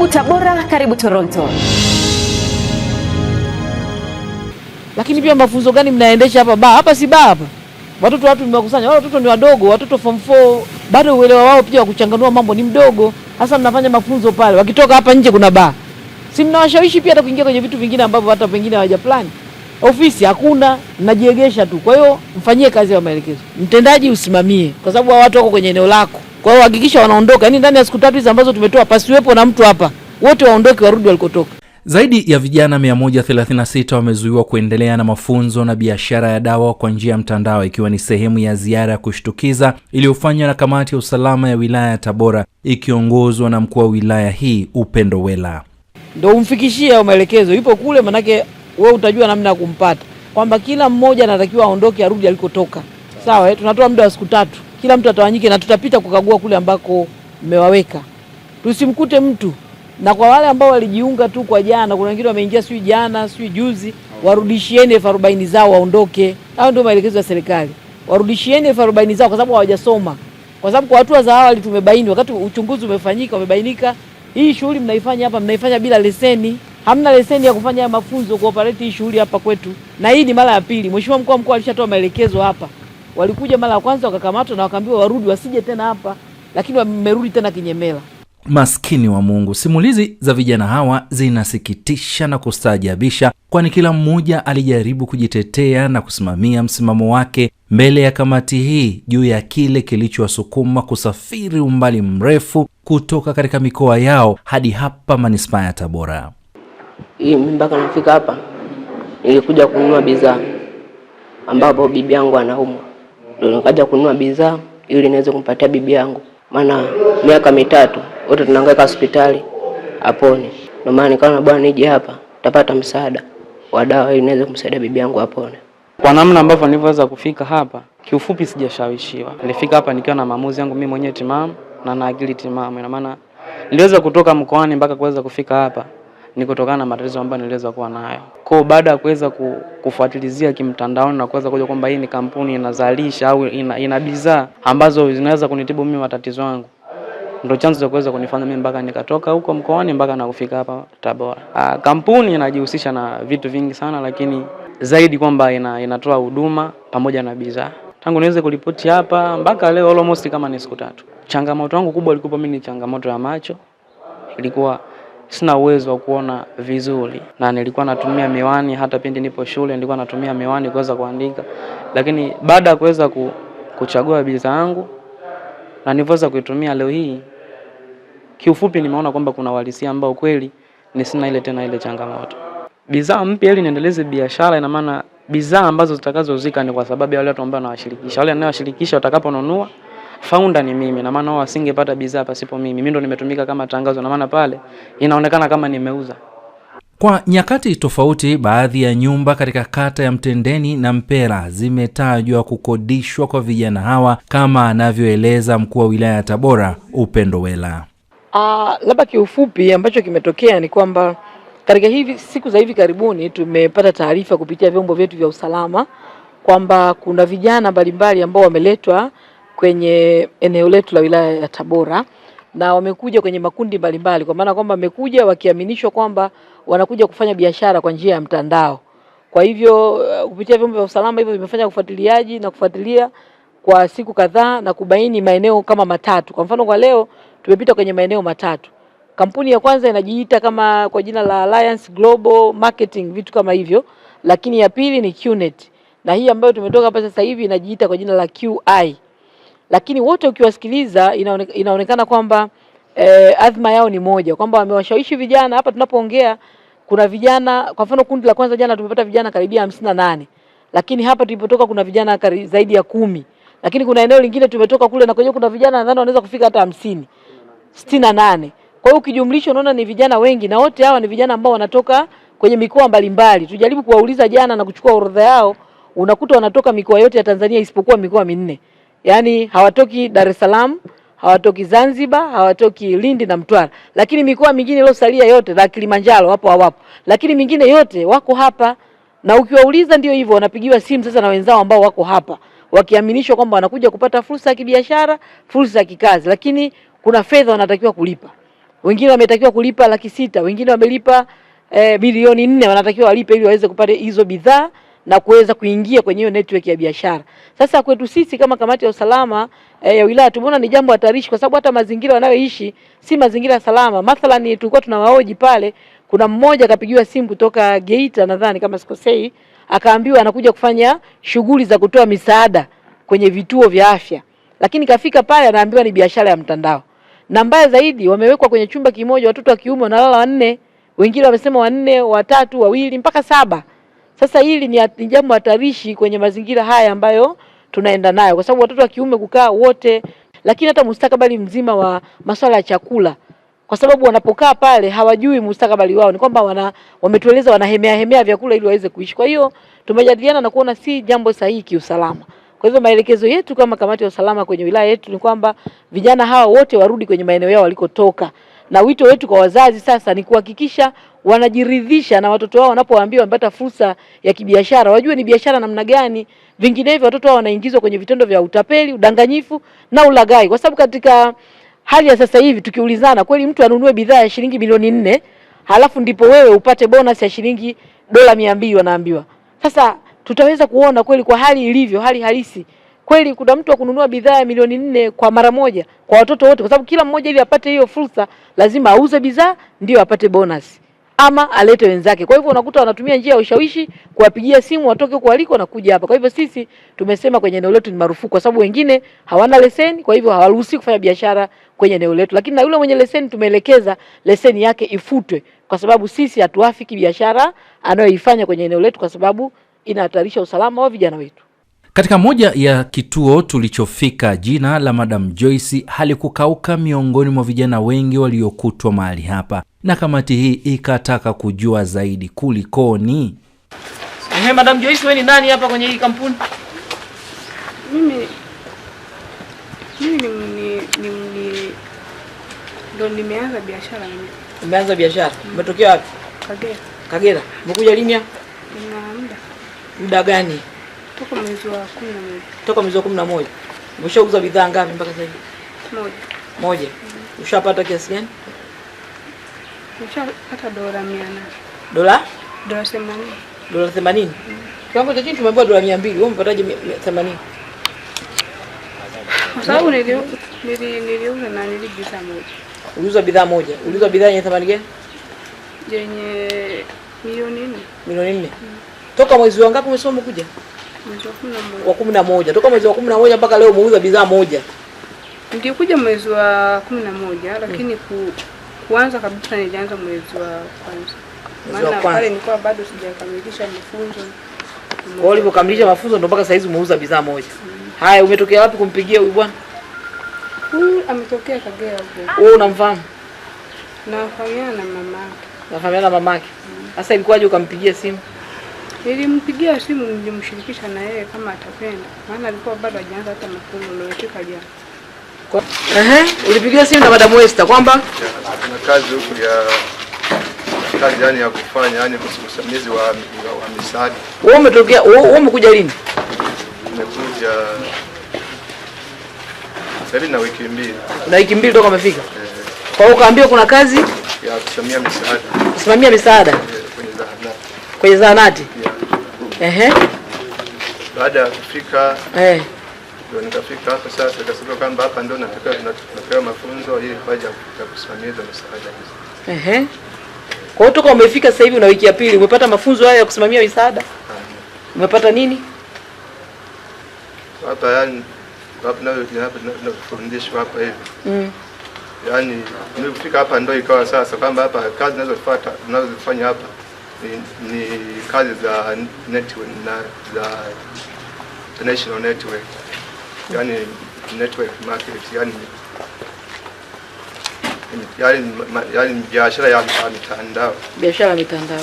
Karibu Tabora, karibu Toronto. Lakini pia mafunzo gani mnaendesha hapa ba? Hapa si ba hapa. Watoto watu mmewakusanya. Wale watoto ni wadogo, watoto form 4, bado uelewa wao pia wa kuchanganua mambo ni mdogo. Hasa mnafanya mafunzo pale. Wakitoka hapa nje kuna ba. Si mnawashawishi pia hata kuingia kwenye vitu vingine ambavyo hata pengine hawajaplani. Ofisi hakuna, najiegesha tu. Kwa hiyo mfanyie kazi ya maelekezo. Mtendaji usimamie kwa sababu wa watu wako kwenye eneo lako. Kwa hiyo hakikisha wanaondoka, yaani ndani ya siku tatu hizi ambazo tumetoa, pasiwepo na mtu hapa, wote waondoke, warudi walikotoka. Zaidi ya vijana 136 wamezuiwa kuendelea na mafunzo na biashara ya dawa kwa njia ya mtandao ikiwa ni sehemu ya ziara ya kushtukiza iliyofanywa na kamati ya usalama ya wilaya ya Tabora ikiongozwa na mkuu wa wilaya hii Upendo Wela. Ndio umfikishie maelekezo, ipo kule, manake we utajua namna ya kumpata, kwamba kila mmoja anatakiwa aondoke arudi alikotoka. Sawa, eh, tunatoa muda wa siku tatu kila mtu atawanyike, na tutapita kukagua kule ambako mmewaweka, tusimkute mtu. Na kwa wale ambao walijiunga tu kwa jana, kuna wengine wameingia sijui jana sijui juzi, warudishieni elfu arobaini zao waondoke. Hayo ndio maelekezo ya serikali, warudishieni elfu arobaini zao kwa sababu hawajasoma. Kwa sababu kwa hatua za awali tumebaini, wakati uchunguzi umefanyika, umebainika hii shughuli mnaifanya hapa, mnaifanya bila leseni hamna leseni ya kufanya mafunzo kuoperate hii shughuli hapa kwetu, na hii ni mara ya pili. Mheshimiwa mkuu wa mkoa alishatoa maelekezo hapa walikuja mara ya kwanza wakakamatwa na wakaambiwa warudi wasije tena hapa, lakini wamerudi tena kinyemela. Maskini wa Mungu. Simulizi za vijana hawa zinasikitisha na kustaajabisha, kwani kila mmoja alijaribu kujitetea na kusimamia msimamo wake mbele ya kamati hii juu ya kile kilichowasukuma kusafiri umbali mrefu kutoka katika mikoa yao hadi hapa manispaa ya Tabora. Hii mpaka nafika hapa nilikuja kununua bidhaa, ambapo bibi yangu anaumwa nikaja mm. kununua bidhaa ili niweze kumpatia bibi yangu, maana miaka mitatu wote tunahangaika hospitali apone. Ndio maana nikaona bwana, nije hapa tapata msaada wa dawa ili niweze kumsaidia bibi yangu apone. Kwa namna ambavyo nilivyoweza kufika hapa, kiufupi sijashawishiwa. Nilifika hapa nikiwa na maamuzi yangu mimi mwenyewe timamu na na akili timamu, ina maana niliweza kutoka mkoani mpaka kuweza kufika hapa ni kutokana na matatizo ambayo niliweza kuwa nayo. Kwa baada ya kuweza kufuatilizia kimtandaoni na kuweza kuja kwamba hii ni kampuni inazalisha au ina, ina bidhaa ambazo zinaweza kunitibu mimi matatizo yangu ndo chanzo cha kuweza kunifanya mimi mpaka nikatoka huko mkoani mpaka na kufika hapa Tabora. Aa, ah, kampuni inajihusisha na vitu vingi sana, lakini zaidi kwamba ina, inatoa huduma pamoja na bidhaa. Tangu niweze kulipoti hapa mpaka leo almost kama ni siku tatu. Changamoto yangu kubwa ilikuwa mimi ni changamoto ya macho, ilikuwa sina uwezo wa kuona vizuri, na nilikuwa natumia miwani. Hata pindi nipo shule nilikuwa natumia miwani kuweza kuandika, lakini baada ya kuweza kuchagua bidhaa yangu na nilivyoweza kuitumia leo hii, kiufupi nimeona kwamba kuna uhalisia ambao kweli ni sina ile tena ile changamoto. Bidhaa mpya ili niendeleze biashara, ina maana bidhaa ambazo zitakazozika ni kwa sababu ya wale watu ambao nawashirikisha, wale ninawashirikisha watakaponunua founder ni mimi, na maana wao wasingepata bidhaa pasipo mimi. Mimi ndo nimetumika kama tangazo, na maana pale inaonekana kama nimeuza. Kwa nyakati tofauti, baadhi ya nyumba katika kata ya Mtendeni na Mpera zimetajwa kukodishwa kwa vijana hawa, kama anavyoeleza mkuu wa wilaya ya Tabora Upendo Wela. Uh, labda kiufupi ambacho kimetokea ni kwamba katika hivi siku za hivi karibuni tumepata taarifa kupitia vyombo vyetu vya usalama kwamba kuna vijana mbalimbali ambao wameletwa kwenye eneo letu la wilaya ya Tabora na wamekuja kwenye makundi mbalimbali, kwa maana kwamba wamekuja wakiaminishwa kwamba wanakuja kufanya biashara kwa njia ya mtandao. Kwa hivyo uh, kupitia vyombo vya usalama hivyo vimefanya ufuatiliaji na kufuatilia kwa siku kadhaa na kubaini maeneo kama matatu. Kwa mfano, kwa leo tumepita kwenye maeneo matatu. Kampuni ya kwanza inajiita kama kwa jina la Alliance Global Marketing, vitu kama hivyo, lakini ya pili ni QNet na hii ambayo tumetoka hapa sasa hivi inajiita kwa jina la QI lakini wote ukiwasikiliza inaone, inaonekana kwamba eh, azma yao ni moja kwamba wamewashawishi vijana. Hapa tunapoongea kuna vijana, kwa mfano kundi la kwanza jana tumepata vijana karibia hamsini na nane lakini hapa tulipotoka kuna vijana zaidi ya kumi lakini kuna eneo lingine tumetoka kule na kwenye kuna vijana nadhani wanaweza kufika hata hamsini sitini na nane Kwa hiyo ukijumlisha unaona ni vijana wengi, na wote hawa ni vijana ambao wanatoka kwenye mikoa mbalimbali. Tujaribu kuwauliza jana na kuchukua orodha yao, unakuta wanatoka mikoa yote ya Tanzania isipokuwa mikoa minne yaani hawatoki Dar es Salaam, hawatoki Zanzibar, hawatoki Lindi na Mtwara, lakini mikoa mingine iliyosalia yote na Kilimanjaro wapo hawapo, lakini mingine yote wako hapa, na ukiwauliza ndio hivyo, wanapigiwa simu sasa na wenzao ambao wako hapa, wakiaminishwa kwamba wanakuja kupata fursa ya kibiashara, fursa ya kikazi, lakini kuna fedha wanatakiwa kulipa. Wengine wametakiwa kulipa laki sita, wengine wamelipa bilioni eh, nne wanatakiwa walipe ili waweze kupata hizo bidhaa na kuweza kuingia kwenye hiyo network ya biashara. Sasa kwetu sisi kama kamati ya usalama e, ya wilaya tumeona ni jambo hatarishi, kwa sababu hata mazingira wanayoishi si mazingira salama. Mathalan tulikuwa tunawaoji pale, kuna mmoja akapigiwa simu kutoka Geita nadhani kama sikosei, akaambiwa anakuja kufanya shughuli za kutoa misaada kwenye vituo vya afya, lakini kafika pale anaambiwa ni biashara ya mtandao, na mbaya zaidi wamewekwa kwenye chumba kimoja, watoto wa kiume wanalala wanne, wengine wamesema wanne, watatu, wawili mpaka saba sasa hili ni jambo hatarishi kwenye mazingira haya ambayo tunaenda nayo, kwa sababu watoto wa kiume kukaa wote, lakini hata mustakabali mzima wa masuala ya chakula, kwa sababu wanapokaa pale hawajui mustakabali wao. Ni kwamba wana wametueleza wanahemea hemea vyakula ili waweze kuishi. Kwa hiyo tumejadiliana na kuona si jambo sahihi kiusalama. Kwa hivyo maelekezo yetu kama kamati ya usalama kwenye wilaya yetu ni kwamba vijana hawa wote warudi kwenye maeneo yao walikotoka na wito wetu kwa wazazi sasa ni kuhakikisha wanajiridhisha na watoto wao wanapoambiwa wamepata fursa ya kibiashara, wajue ni biashara namna gani. Vinginevyo watoto wao wanaingizwa kwenye vitendo vya utapeli, udanganyifu na ulagai kwa sababu katika hali ya sasa hivi tukiulizana kweli, mtu anunue bidhaa ya shilingi milioni nne halafu ndipo wewe upate bonus ya shilingi dola mia mbili wanaambiwa. Sasa tutaweza kuona kweli kwa hali ilivyo, hali halisi kweli kuna mtu wa kununua bidhaa ya milioni nne kwa mara moja kwa watoto wote? Kwa sababu kila mmoja ili apate hiyo fursa lazima auze bidhaa ndio apate bonus ama alete wenzake. Kwa hivyo unakuta wanatumia njia ya ushawishi kuwapigia simu watoke huko waliko na kuja hapa. Kwa hivyo sisi tumesema kwenye eneo letu ni marufuku, kwa sababu wengine hawana leseni, kwa hivyo hawaruhusi kufanya biashara kwenye eneo letu. Lakini na yule mwenye leseni tumeelekeza leseni yake ifutwe, kwa sababu sisi hatuafiki biashara anayoifanya kwenye eneo letu, kwa sababu inahatarisha usalama wa vijana wetu. Katika moja ya kituo tulichofika, jina la Madam Joyce halikukauka miongoni mwa vijana wengi waliokutwa mahali hapa, na kamati hii ikataka kujua zaidi kulikoni. Ehe, Madam Joyce, ni nani hapa kwenye hii kampuni? Mimi ndo nimeanza biashara mimi. biashara. Umetokea wapi? Kagera. Kagera. Umekuja lini? Muda gani? Toka mwezi wa 11. Toka mwezi wa 11. Umeshauza bidhaa ngapi mpaka sasa hivi? Moja. Moja. Mm. Ushapata kiasi gani? Ushapata dola 100. Dola? Dola 80. Dola 80? Mm. Mm-hmm. Kiwango cha chini tumeambiwa dola 200. Wewe umepataje 80? Kwa sababu niliuza na niliuza moja. Uliuza bidhaa moja. Uliuza bidhaa yenye thamani gani? Yenye milioni 4. Milioni 4. Mm. Mm-hmm. Toka mwezi wa ngapi umesoma kuja? wa kumi na moja toka mwezi wa kumi na moja mpaka leo umeuza bidhaa moja? Nilikuja mwezi wa kumi na moja lakini ku, kuanza kabisa nilianza mwezi wa kwanza, maana pale nilikuwa bado sijakamilisha mafunzo. Kwa hiyo ulipokamilisha mafunzo ndo mpaka saizi umeuza bidhaa moja. Mm. Haya, umetokea wapi kumpigia huyu bwana? Huyu ametokea Kagera huko. Wewe unamfahamu? Nafahamiana na mamake. Nafahamiana na mamake. Sasa mm. Ilikuwaje ukampigia simu? Nilimpigia simu nilimshirikisha na yeye kama atapenda, maana alikuwa bado hajaanza hata mafunzo loloteka jana. Ehe, ulipigia simu na Madam Esther kwamba kuna kazi huku ya kazi yani ya kufanya yani usimamizi wa wa misaada. Wewe umetokea wewe umekuja lini? Nimekuja sasa na wiki mbili. Na wiki mbili toka umefika? Eh. Kwa hiyo kaambiwa kuna kazi ya kusimamia misaada. Kusimamia misaada. Eh, kwenye zahanati. Kwenye zahanati. Yeah. Ehe. Baada ya kufika eh, ndio nikafika hapo sasa, nikasema kwamba hapa ndio natakiwa tunapewa mafunzo ili kwa ajili ya kusimamia hizo misaada hizo. Ehe. Kwa hiyo toka umefika sasa hivi una wiki ya pili, umepata mafunzo haya ya kusimamia misaada? Umepata nini? Hapa yani hapa na hapa na kufundishwa hapa hivi. Mm. Yaani nimefika hapa ndio ikawa sasa kwamba hapa kazi ninazofuata ninazofanya hapa Mm ni, ni kazi za network na za international network, yani network market, yani yani, yani biashara ya mitandao, biashara ya mitandao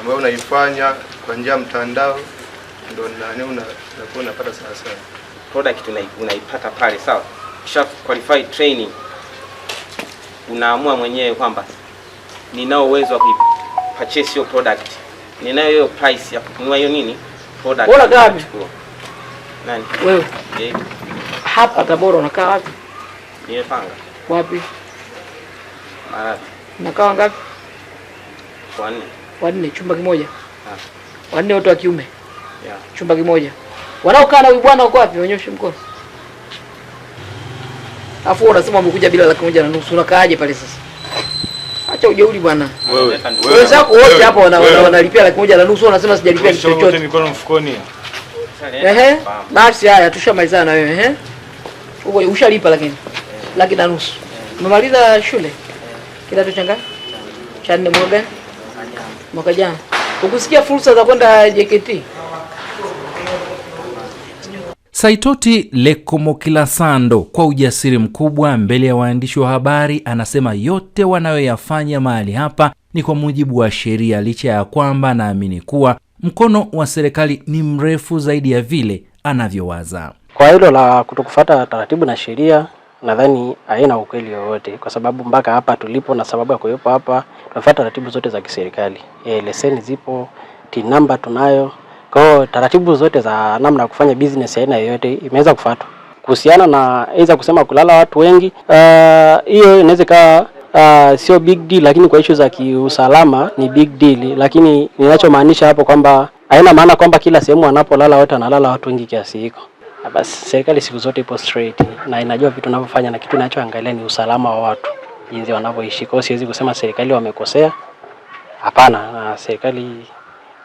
ambayo unaifanya kwa njia ya mtandao, ndio nani unakuwa unapata sana sana product unaipata pale sawa, kisha qualify training, unaamua mwenyewe kwamba ninao uwezo wa kuipata purchase your product, ninayo hiyo price ya kununua hiyo nini product. Bora gani nani wewe? Yeah. Hapa Tabora unakaa wapi? Nimepanga wapi? Maradhi. Unakaa wangapi? Wanne. Wanne chumba kimoja? Ah. Wanne wote wa kiume? Yeah. Chumba kimoja. Wanaokaa na huyu bwana wako wapi? Wanyoshe mkono. Afu unasema umekuja bila laki moja na nusu, unakaaje pale sasa? acha ujeuri bwana. Wenzako wote hapa wanalipia laki moja na nusu, wanasema sijalipia kitu chochote. Mikono mfukoni. Ehe, basi haya, tushamalizana na wewe. Ehe, ushalipa lakini laki na nusu. Umemaliza shule kidato cha ngapi? Cha nne. Mwaka jana ukusikia fursa za kwenda JKT? Saitoti lekomokilasando kwa ujasiri mkubwa mbele ya waandishi wa habari anasema yote wanayoyafanya mahali hapa ni kwa mujibu wa sheria, licha ya kwamba anaamini kuwa mkono wa serikali ni mrefu zaidi ya vile anavyowaza. Kwa hilo la kutokufuata taratibu na sheria, nadhani haina ukweli wowote, kwa sababu mpaka hapa tulipo na sababu ya kuwepo hapa tumefuata taratibu zote za kiserikali. E, leseni zipo, tinamba tunayo kwa hiyo taratibu zote za namna ya kufanya business aina yoyote imeweza kufuatwa. Kuhusiana na iza kusema kulala watu wengi, uh, hiyo uh, inaweza ikawa uh, sio big deal, lakini kwa issue za kiusalama ni big deal. Lakini ninachomaanisha hapo kwamba haina maana kwamba kila sehemu wanapolala wote analala watu wengi kiasi hiko. Ah, basi serikali siku zote ipo straight na inajua vitu inavyofanya, na kitu inachoangalia ni usalama wa watu jinsi wanavyoishi. Kwa hiyo siwezi kusema serikali wamekosea, hapana, na serikali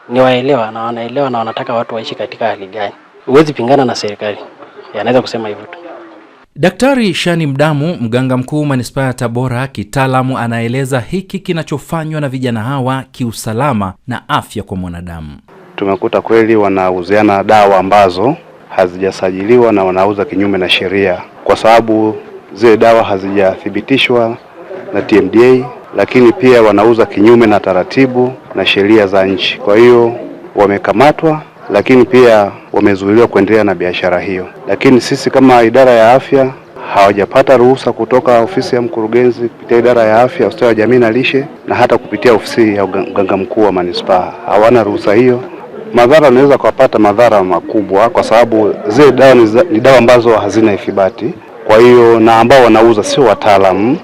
ni waelewa na wanaelewa na wanataka watu waishi katika hali gani. Huwezi pingana na serikali, yanaweza kusema hivyo tu. Daktari Shani Mdamu, mganga mkuu manispaa ya Tabora, kitaalamu anaeleza hiki kinachofanywa na vijana hawa kiusalama na afya kwa mwanadamu. Tumekuta kweli wanauziana dawa ambazo hazijasajiliwa na wanauza kinyume na sheria, kwa sababu zile dawa hazijathibitishwa na TMDA lakini pia wanauza kinyume na taratibu na sheria za nchi. Kwa hiyo wamekamatwa, lakini pia wamezuiliwa kuendelea na biashara hiyo. Lakini sisi kama idara ya afya hawajapata ruhusa kutoka ofisi ya mkurugenzi kupitia idara ya afya, ustawi wa jamii na lishe, na hata kupitia ofisi ya mganga mkuu wa manispaa hawana ruhusa hiyo. Madhara anaweza kuwapata madhara makubwa, kwa sababu zile dawa ni dawa ambazo hazina ithibati. Kwa hiyo na ambao wanauza sio wataalamu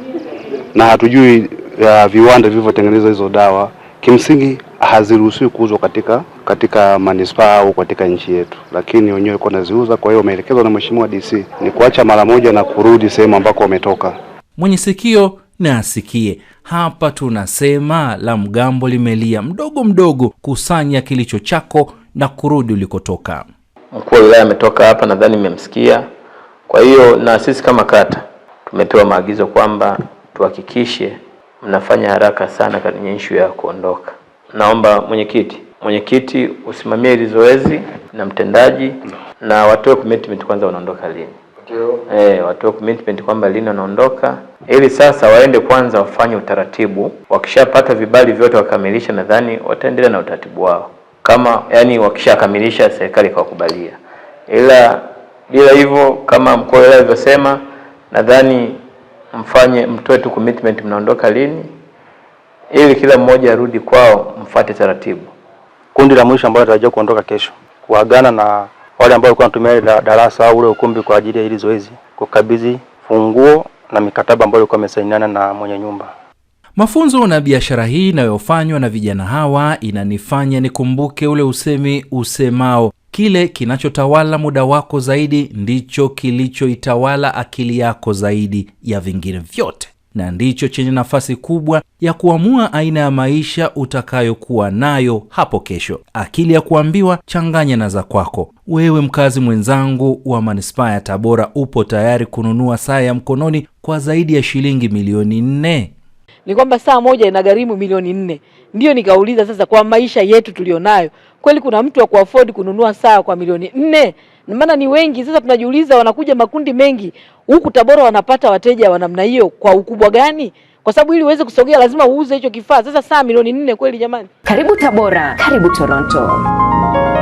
na hatujui ya viwanda vilivyotengeneza hizo dawa kimsingi haziruhusiwi kuuzwa katika katika manispaa au katika nchi yetu, lakini wenyewe walikuwa wanaziuza. Kwa hiyo maelekezo na mheshimiwa DC ni kuacha mara moja na kurudi sehemu ambako wametoka. Mwenye sikio na asikie. Hapa tunasema la mgambo limelia, mdogo mdogo, kusanya kilicho chako na kurudi ulikotoka. Mkuu wa wilaya ametoka hapa, nadhani mmemsikia. Kwa hiyo na sisi kama kata tumepewa maagizo kwamba tuhakikishe mnafanya haraka sana kwenye ishu ya kuondoka. Naomba mwenyekiti, mwenyekiti usimamie hili zoezi na mtendaji, na watoe commitment kwanza, wanaondoka lini? Eh, watoe commitment kwamba lini wanaondoka, ili sasa waende kwanza wafanye utaratibu. Wakishapata vibali vyote wakamilisha, nadhani wataendelea na utaratibu wao, kama yani wakishakamilisha serikali ikawakubalia, ila bila hivyo kama mkuu alivyosema, nadhani mfanye mtoe tu commitment, mnaondoka lini, ili kila mmoja arudi kwao, mfate taratibu. Kundi la mwisho ambalo tunatarajia kuondoka kesho, kuagana na wale ambao walikuwa wanatumia darasa au ule ukumbi kwa ajili ya hili zoezi, kukabidhi funguo na mikataba ambayo ilikuwa imesainiana na mwenye nyumba. Mafunzo na biashara hii inayofanywa na vijana hawa inanifanya nikumbuke ule usemi usemao Kile kinachotawala muda wako zaidi ndicho kilichoitawala akili yako zaidi ya vingine vyote, na ndicho chenye nafasi kubwa ya kuamua aina ya maisha utakayokuwa nayo hapo kesho. Akili ya kuambiwa changanya na za kwako. Wewe mkazi mwenzangu wa manispaa ya Tabora, upo tayari kununua saa ya mkononi kwa zaidi ya shilingi milioni nne? Ni kwamba saa moja ina gharimu milioni nne. Ndiyo nikauliza sasa, kwa maisha yetu nayo kweli kuna mtu wa kuafford kununua saa kwa milioni nne? Maana ni wengi. Sasa tunajiuliza wanakuja makundi mengi huku Tabora, wanapata wateja wa namna hiyo kwa ukubwa gani? Kwa sababu ili uweze kusogea lazima uuze hicho kifaa. Sasa saa milioni nne kweli jamani? Karibu Tabora, karibu Toronto.